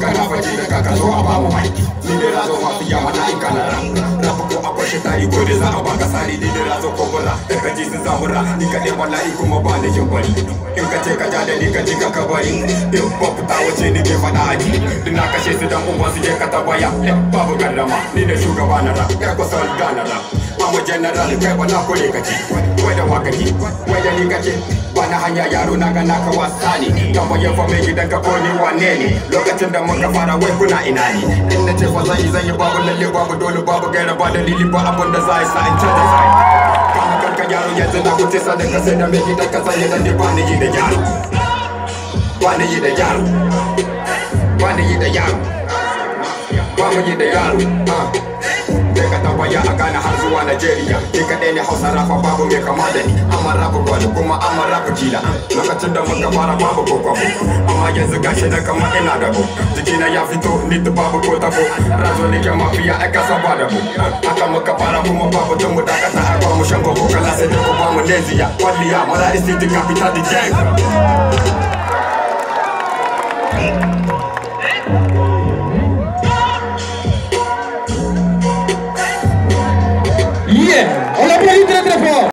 kana fajira ka ka zo a bamu maiki ni ne razo mafiya mana in kana rafa ko akwai shi tari ko da za a baka sari ni ne razo ko bala da ka ji sun zamura ni ka ɗe wallahi kuma ba ni jin bari ce ka ja da ni ka ji ka ka bari in ba fita wace ni a ji ina kashe su su je ni shugaba na ra ka kusa Mamu general kai bana ko kore kake Wai da wakaki wai da ni kake bana hanya yaro na ga naka wasani ne Tambayin fa mai gidan ka ko ni wane ne Lokacin da muka fara wai kuna ina ne In na ce fa zai zan yi babu lalle babu dole babu gaira ba dalili ba abin da za sa in canza sai Kana kanka yaro yanzu na kuce sanin ka sai da mai gidan ka sanya dan ne ba ni yi da yaro Ba ni yi da yaro Ba ni yi da yaro ba mu yi da yaro daga ah. tawaya a Ghana har zuwa Najeriya Ni kaɗai ne Hausa rafa babu mai kama da ni Amma rafa gwani kuma amma rafa kila Lokacin da muka fara babu ko kwabo Amma yanzu gashi na kama ina da bo Jikina ya fito ni ta babu ko tabo Razo ni ke mafiya a ƙasa ba da bo Haka muka fara kuma babu tun mu dakata a ba mu shan gogo kala sai da ko ba mu leziya Kwalliya mara isi duka fita da jeng people.